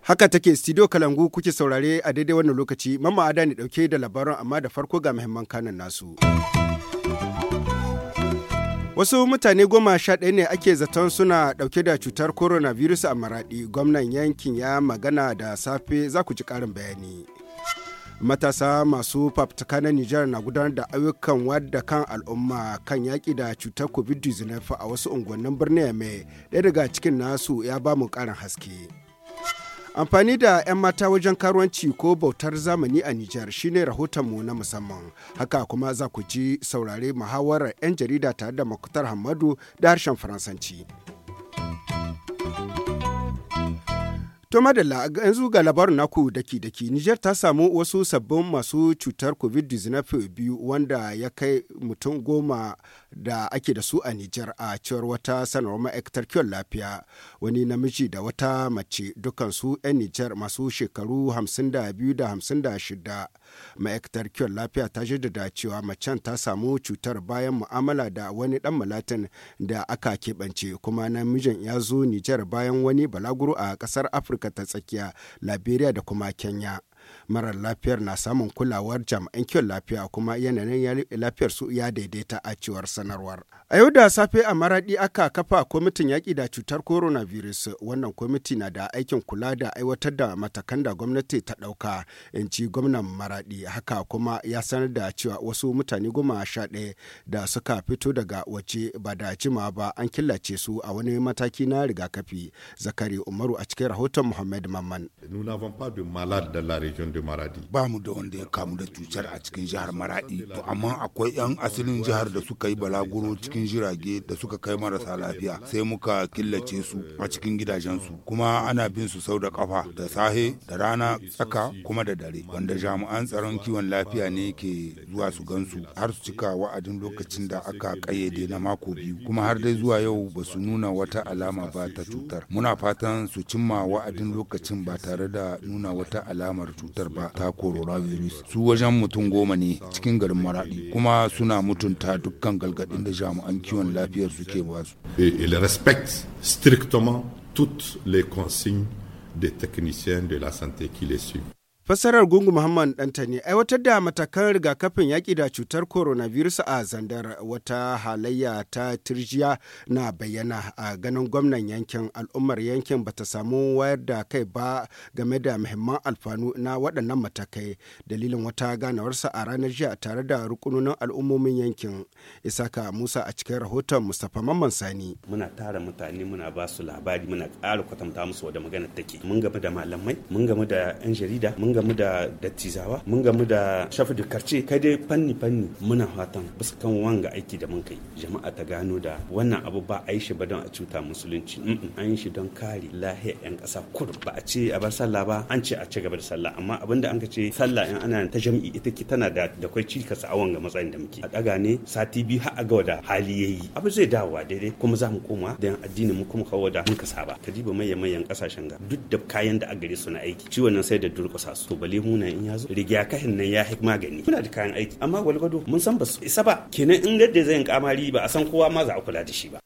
Haka take studio Kalangu kuke saurare a daidai wannan lokaci. Mamma Ada ne dauke da labaran amma da farko ga muhimman kanan nasu. Wasu mutane goma sha ɗaya ne ake zaton suna ɗauke da cutar coronavirus a Maraɗi. Gwamnan yankin ya magana da safe za ku ji ƙarin bayani. matasa masu fafutuka na Nijar na gudanar da ayyukan wadda kan al'umma kan yaƙi da cutar covid-19 a wasu unguwannin birnin mai ɗaya daga cikin nasu ya ba mu ƙarin haske amfani da 'yan mata wajen karuwanci ko bautar zamani a Nijar shine rahotonmu na musamman haka kuma za ku ji saurare muhawarar 'yan jarida tare da makutar hamadu da harshen faransanci. To madalla yanzu ga labarin naku daki daki Nijar ta samu wasu sabbin masu cutar COVID-19 biyu wanda ya kai mutum goma da ake da su a Nijar a cewar wata sanarwar ma'aikatar kiwon lafiya wani namiji da wata mace dukansu 'yan Nijar masu shekaru 52 da 56 ma'aikatar kiwon lafiya ta jaddada cewa macen ta samu cutar bayan mu'amala da wani dan malatin da aka keɓance kuma namijin ya zo Nijar bayan wani balaguro a ƙasar Afirka ta tsakiya Liberia da kuma Kenya. marar lafiyar na samun kulawar jami'an kyau lafiya kuma yanayin lafiyar su ya daidaita a cewar sanarwar a yau da safe a maradi aka kafa kwamitin yaƙi da cutar coronavirus wannan kwamiti na da aikin kula da aiwatar da matakan da gwamnati ta ɗauka in ci gwamnan maradi haka kuma ya sanar da cewa wasu mutane goma sha ɗaya da suka fito daga waje ba da jima ba an killace su a wani mataki na rigakafi zakari umaru a cikin rahoton muhammad mamman. Nous n'avons pas de region Maradi. Ba mu da wanda ya kamu da cutar a cikin jihar Maradi, to amma akwai 'yan asalin jihar da suka yi balaguro cikin jirage da suka kai marasa lafiya sai muka killace su a cikin gidajensu kuma ana bin su sau da kafa da sahe da rana tsaka kuma da dare wanda jami'an tsaron kiwon lafiya ne ke zuwa su gansu har su cika wa'adin lokacin da aka kayyade na mako biyu kuma har dai zuwa yau ba su nuna wata alama ba ta cutar muna fatan su cimma wa'adin lokacin ba tare da nuna wata alamar cutar ba ta coronavirus su wajen mutum goma ne cikin garin maradi kuma suna mutunta dukkan galgadin da jami'an kiwon lafiyar suke basu. Il respecte strictement toutes les consignes des techniciens de la santé qui les suivent. Fassarar Gungu Muhammad Dantani aiwatar da matakan rigakafin yaƙi da cutar coronavirus a zandar wata halayya ta turjiya na bayyana a ganin gwamnan yankin al'ummar yankin bata samu wayar da kai ba game da muhimman alfanu na waɗannan matakai dalilin wata ganawarsa a ranar jiya tare da rukunonin al'ummomin yankin isaka musa a cikin rahoton mustapha mamman sani muna tara mutane muna ba su labari muna ƙara kwatanta musu wadda magana take mun game da malamai mun game da 'yan jarida mun mun gamu da dattizawa mun gamu da shafi da karce kai dai fanni fanni muna fatan bisa kan wanga aiki da mun kai jama'a ta gano da wannan abu ba a yi shi ba don a cuta musulunci an yi shi don kare lahiyar yan ƙasa kudu ba a ce a bar sallah ba an ce a ci gaba da sallah amma abin da an ka ce sallah in ana ta jam'i ita ki tana da da kwai cikas a wanga matsayin da muke a daga ne sati biyu har a ga wada hali yayi abu zai dawowa daidai kuma za mu koma da yan addinin mu kuma kawo da mun ka saba ba maye mayan kasashen ga duk da kayan da a gare su aiki ciwon nan sai da durƙusa su to bale muna in ya zo kahin nan ya hik magani muna da kayan aiki amma gwalgwado mun san ba su isa ba kenan in yadda zai kamari ba a san kowa ma za a kula da shi ba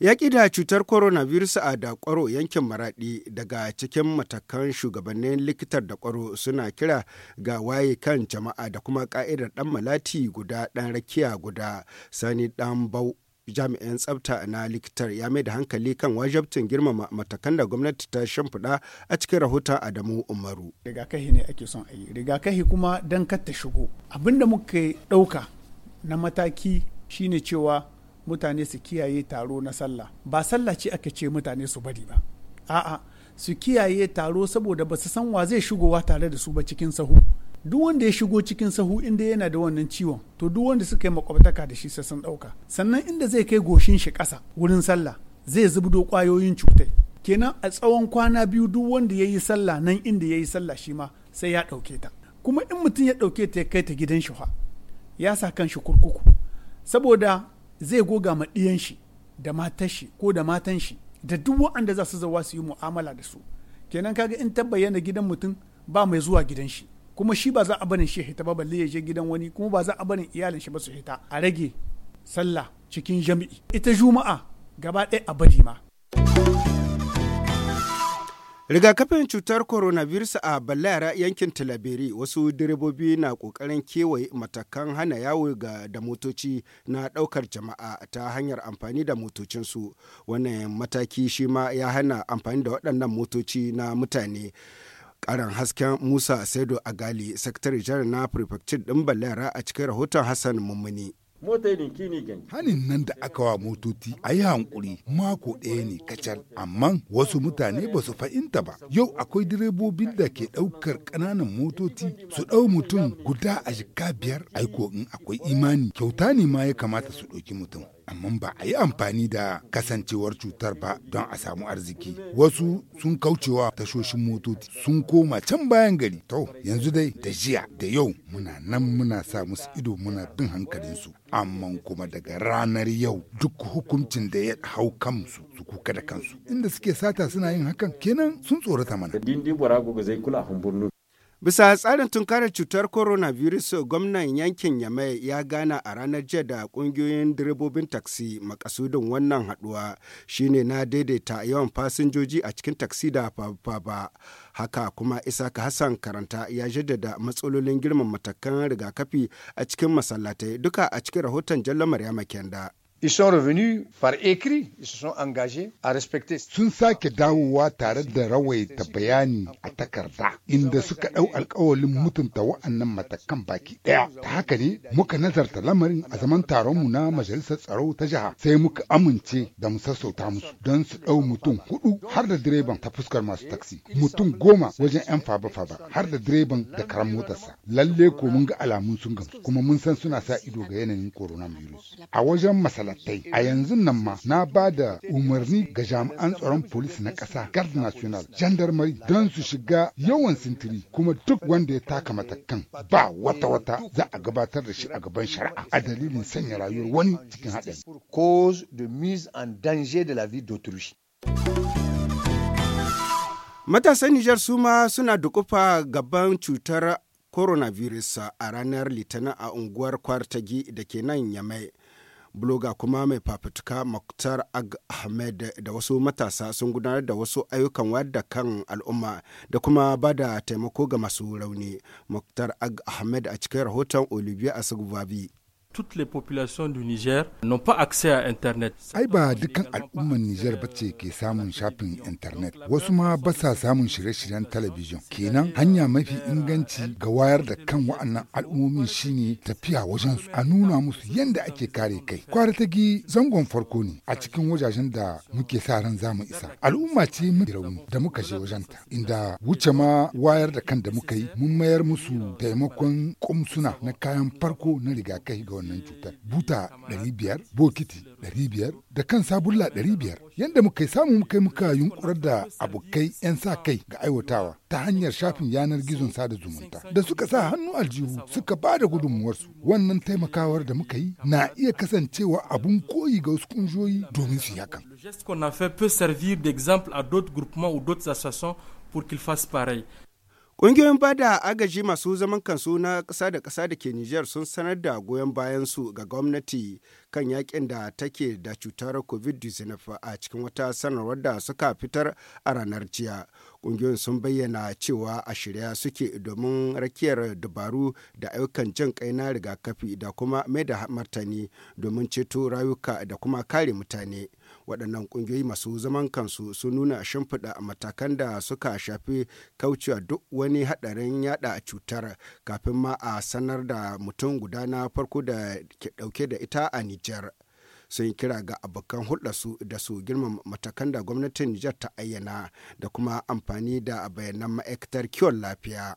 yaƙi da cutar coronavirus a da kwaro yankin maraɗi daga cikin matakan shugabannin likitar kwaro suna kira ga waye kan jama'a da kuma ƙa'idar ɗan malati guda ɗan rakiya guda sani ɗan bau jami'an tsabta na likitar ya mai da hankali kan wajabtin girmama matakan da gwamnati ta shimfiɗa a cikin rahoton Adamu Umaru. Rigakahi ne ake son ayi rigakahi kuma don kar ta shigo. abinda da muka ɗauka na mataki shine cewa mutane su kiyaye taro na sallah. Ba sallah ce aka ce mutane su bari ba. A'a, su kiyaye taro saboda ba su san wa zai shigowa tare da su ba cikin sahu. duk wanda ya shigo cikin sahu inda yana da wannan ciwon to duk wanda suka yi makwabtaka da shi sai sun ɗauka sannan inda zai kai goshin shi ƙasa wurin sallah zai zubdo ƙwayoyin cutai kenan a tsawon kwana biyu duk wanda ya yi sallah nan inda ya yi sallah shi ma sai ya ɗauke ta kuma in mutum ya ɗauke ta ya kai ta gidan shi ya sa kan shi kurkuku saboda zai goga ma ɗiyan shi da matar shi ko da matan shi da duk waɗanda za su zawa su yi mu'amala da su kenan kaga in tabbayyana gidan mutum ba mai zuwa gidan shi kuma shi ba za a barin shi hita ba balle ya je gidan wani kuma ba za a barin iyalin shi ba su hita a rage sallah cikin jami'i ita juma'a gaba ɗaya a bari ma rigakafin cutar coronavirus a ballara yankin talabiri wasu direbobi na kokarin kewaye matakan hana yawo ga da motoci na daukar jama'a ta hanyar amfani da motocinsu wannan mataki shi ma ya hana amfani da waɗannan motoci na mutane Karan hasken Musa Saido Agali, sakatare jihar na prefecture ɗin Balera a cikin rahoton Hassan Mummuni. mota nan da aka wa motoci a yi hankuri mako ɗaya ne kacal, amma wasu mutane ba su fahimta ba. Yau akwai direbobin da ke ɗaukar ƙananan motoci su ɗau mutum guda a shiga biyar aiko in akwai imani kyauta ne ma ya kamata su ɗauki mutum. amma ba a yi amfani da kasancewar cutar ba don a samu arziki wasu sun kaucewa tashoshin motoci sun koma can bayan gari to yanzu dai da jiya da yau muna nan muna sa musu ido muna bin hankalinsu amma kuma daga ranar yau duk hukuncin da ya hau kansu su kuka da kansu inda suke sata suna yin hakan kenan sun tsorata mana Bisa tsarin tunkarar cutar coronavirus gwamnan yankin Yamai ya gana a ranar jiya da kungiyoyin direbobin taksi makasudin wannan haduwa shine na daidaita yawan fasinjoji a cikin taksi da faba haka kuma Isaka Hassan karanta ya jaddada matsalolin girman matakan rigakafi a cikin masallatai duka a cikin rahoton Jallo Maryama Kenda. Ils sont revenus par écrit, ils se sont engagés à respecter. Sun sake dawowa tare da rawaita bayani a takarda inda suka ɗau alkawalin mutunta wa'annan matakan baki ɗaya. Ta haka ne muka nazarta lamarin a zaman mu na majalisar tsaro ta jiha sai muka amince da mu sassauta musu don su ɗau mutum hudu har da direban ta fuskar masu taksi mutum goma wajen 'yan faba-faba har da direban da karan motarsa. Lalle ko mun ga alamun sun gamsu kuma mun san suna sa ido ga yanayin coronavirus. A wajen masala halattai a yanzu nan ma na ba da umarni ga jami'an tsaron polis na ƙasa guard national gendarmerie don su shiga yawan sintiri kuma duk wanda ya taka matakan ba wata wata za a gabatar da shi a gaban shari'a a dalilin sanya rayuwar wani cikin haɗari. cause de mise en danger de la vie d'autrui. Matasan Nijar suma ma suna dukufa gaban cutar coronavirus a ranar litinin a unguwar kwartagi da ke nan yamai bloga kuma mai fafutuka Muktar Ag Ahmed da wasu matasa sun gudanar da wasu ayyukan wadda kan al'umma da kuma ba da taimako ga masu rauni. Muktar Ag Ahmed a cikin rahoton Olivier Asugubabi. internet. Ai ba dukan al'ummar Nijar ba ce ke samun shafin intanet, wasu ma ba sa samun shirye-shiryen talabijin. Kenan hanya mafi inganci ga wayar da kan wa'annan al'ummomin shine tafiya wajen su a nuna musu yadda ake kare kai. gi zangon farko ne a cikin wajajen da muke sa ran zamu isa. Al'umma ce mafi rauni da muka je wajen ta. inda wuce ma wayar da kan da muka yi mun mayar musu taimakon kumsuna na kayan farko na rigakafi ga wannan cutar buta 500 bokiti 500 da kan sabulla 500 yadda muka samu muka muka yunkurar da abokai 'yan sa kai ga aiwatawa ta hanyar shafin yanar gizon sada zumunta da suka sa hannu aljihu suka ba da gudunmuwarsu wannan taimakawar da muka yi na iya kasancewa abun koyi ga wasu kunjoyi domin su yakan. Le geste qu'on a fait peut servir d'exemple à d'autres groupements ou d'autres associations pour Ƙungiyoyin ba da agaji masu zaman kansu na ƙasa da ƙasa da ke Nijar sun sanar da goyon bayansu ga gwamnati kan yakin da take da cutar COVID-19 a cikin wata sanarwar da suka fitar a ranar jiya. Ƙungiyoyin sun bayyana cewa a shirya suke domin rakiyar dabaru da ayyukan jin kai na rigakafi da kuma mai da martani domin ceto rayuka da kuma kare mutane. waɗannan ƙungiyoyi masu zaman kansu sun nuna shimfiɗa matakan da suka shafi kaucewa duk wani haɗarin yada cutar kafin ma a sanar da mutum guda na farko da ke ɗauke da ita a Nijar. sun kira ga abokan su da su girmama matakan da gwamnatin Nijar ta ayyana da kuma amfani da bayanan ma'aikatar kiwon lafiya.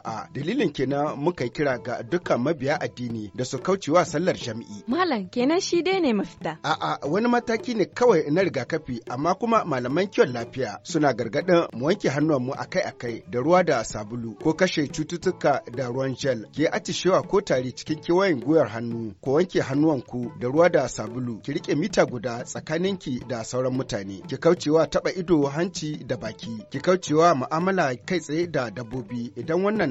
jama'a dalilin kenan muka kira ga dukkan mabiya addini da su kaucewa sallar jam'i malam kenan shi dai ne mafita a'a wani mataki ne kawai na rigakafi amma kuma malaman kiwon lafiya suna gargadin mu wanke hannuwanmu akai-akai da ruwa da sabulu ko kashe cututtuka da ruwan gel ke atishewa ko tari cikin kewayen guyar hannu ko wanke hannuwanku da ruwa da sabulu ki rike mita guda tsakaninki da sauran mutane ki kaucewa taba ido hanci da baki ki kaucewa mu'amala kai tsaye da dabbobi idan wannan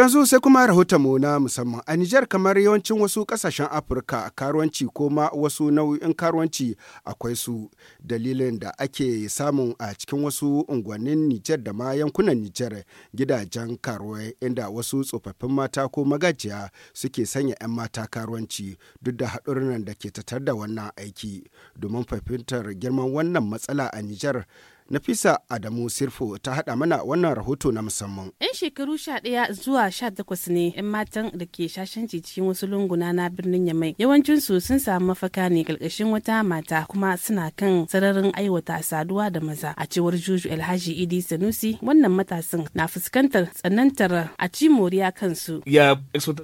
yanzu sai kuma rahoton mu na musamman a Nijar kamar yawancin wasu kasashen Afirka karuwanci ko ma wasu nau'in karuwanci akwai su dalilin da ake samun a cikin wasu unguwannin Nijar da ma yankunan Nijar gidajen karuwai inda wasu tsofaffin mata ko magajiya suke sanya 'yan mata karuwanci duk da haɗurran da ke tattar da wannan aiki domin fahimtar girman wannan matsala a Nijar Nafisa Adamu Sirfo ta haɗa mana wannan rahoto na musamman. 'Yan shekaru sha ɗaya zuwa sha takwas ne 'yan matan da ke shashen cikin wasu lunguna na birnin Yamai. Yawancinsu sun samu mafaka ne ƙarƙashin wata mata kuma suna kan sararin aiwata saduwa da maza. A cewar Juju Alhaji Idi Sanusi wannan matasan na fuskantar tsanantar a ci moriya kansu.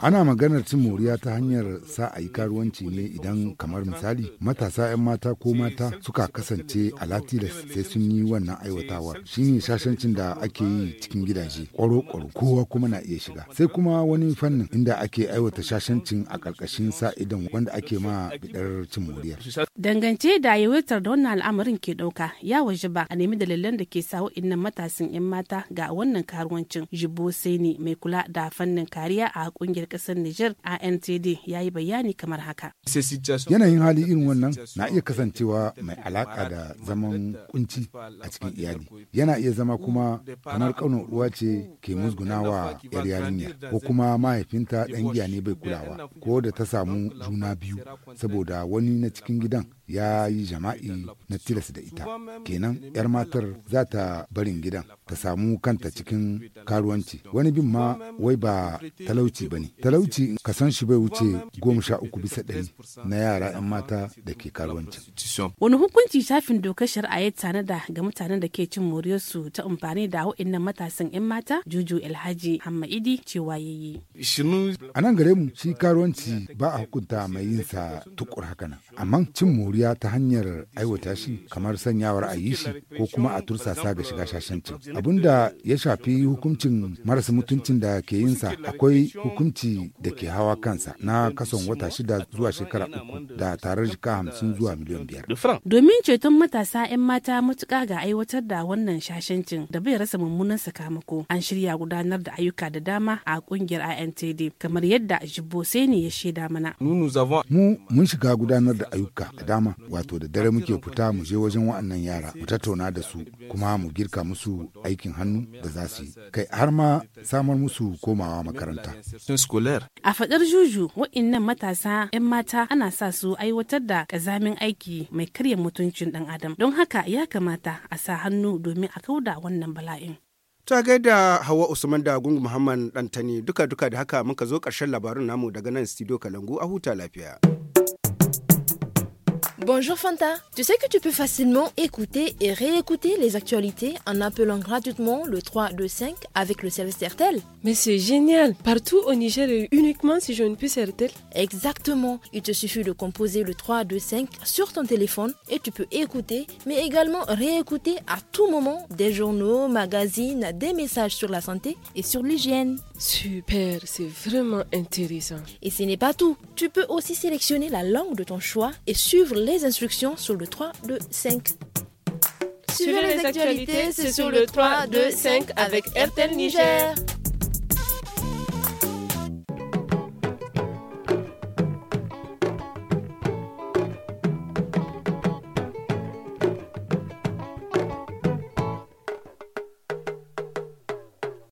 Ana maganar cin moriya ta hanyar sa a yi karuwanci ne idan kamar misali matasa 'yan mata ko mata suka kasance a latilas sai sun yi wannan aiwatawar shine sasancin da ake yi cikin gidaje kwaro-kwaro kowa kuma na iya shiga sai kuma wani fannin inda ake aiwata sasancin a ƙarƙashin sa idan wanda ake ma bidar cin moriya dangance da yawaitar da wannan al'amarin ke ɗauka ya waje ba a nemi dalilan da ke sawo innan matasan 'yan mata ga wannan karuwancin jibo saini mai kula da fannin kariya a kungiyar ƙasar niger antd ya yi bayani kamar haka yanayin hali irin wannan na iya kasancewa mai alaƙa da zaman kunci a cikin iyali yana iya zama kuma kamar kano uwa ce ke musgunawa yar yarinya ko kuma mahaifinta ɗan giya ne bai kulawa ko da ta samu juna biyu saboda wani na cikin gidan ya yi jama'i na tilas da ita kenan 'yar matar za ta barin gidan ta samu kanta cikin karuwanci wani bin ma wai ba talauci ba ne talauci ka san shi bai wuce goma sha uku bisa ɗari na yara 'yan mata da ke karuwanci wani hukunci shafin dokar shari'a ya da ga mutanen da ke cin moriyarsu ta amfani da wa'annan matasan 'yan mata juju alhaji hammaidi cewa ya yi a nan gare mu shi karuwanci ba a hukunta mai yinsa tukur haka nan amma cin moriya ya ta hanyar aiwata shi kamar sanyawar a yi shi ko kuma a tursasa ga shiga shashancin abin da ya shafi hukuncin marasa mutuncin da ke yinsa akwai hukunci da ke hawa kansa na kason wata shida zuwa shekara uku da tarar jika hamsin zuwa miliyan biyar. domin ceton matasa 'yan mata matuƙa ga aiwatar da wannan shashancin da bai rasa mummunan sakamako an shirya gudanar da ayyuka da dama a ƙungiyar intd kamar yadda jibbo ne ya shaida mana. mu mun shiga gudanar da ayyuka da dama musamman wato da dare muke fita mu je wajen wa'annan yara mu tattauna da su kuma mu girka musu aikin hannu da za su yi kai har ma samar musu komawa makaranta. A faɗar juju wa'innan matasa 'yan mata ana sa su aiwatar da ƙazamin aiki mai karya mutuncin ɗan adam don haka ya kamata a sa hannu domin a kauda wannan bala'in. ta gaida hawa usman da gungu muhammad dantani duka-duka da haka muka zo ƙarshen labarun namu daga nan studio kalangu a huta lafiya. Bonjour Fanta. Tu sais que tu peux facilement écouter et réécouter les actualités en appelant gratuitement le 325 avec le service RTL mais c'est génial Partout au Niger et uniquement si je ne puisse RTL Exactement Il te suffit de composer le 3-2-5 sur ton téléphone et tu peux écouter, mais également réécouter à tout moment des journaux, magazines, des messages sur la santé et sur l'hygiène. Super, c'est vraiment intéressant. Et ce n'est pas tout. Tu peux aussi sélectionner la langue de ton choix et suivre les instructions sur le 3, 2, 5. Suivez les actualités, c'est sur le 3, 2, 5 avec RTL Niger.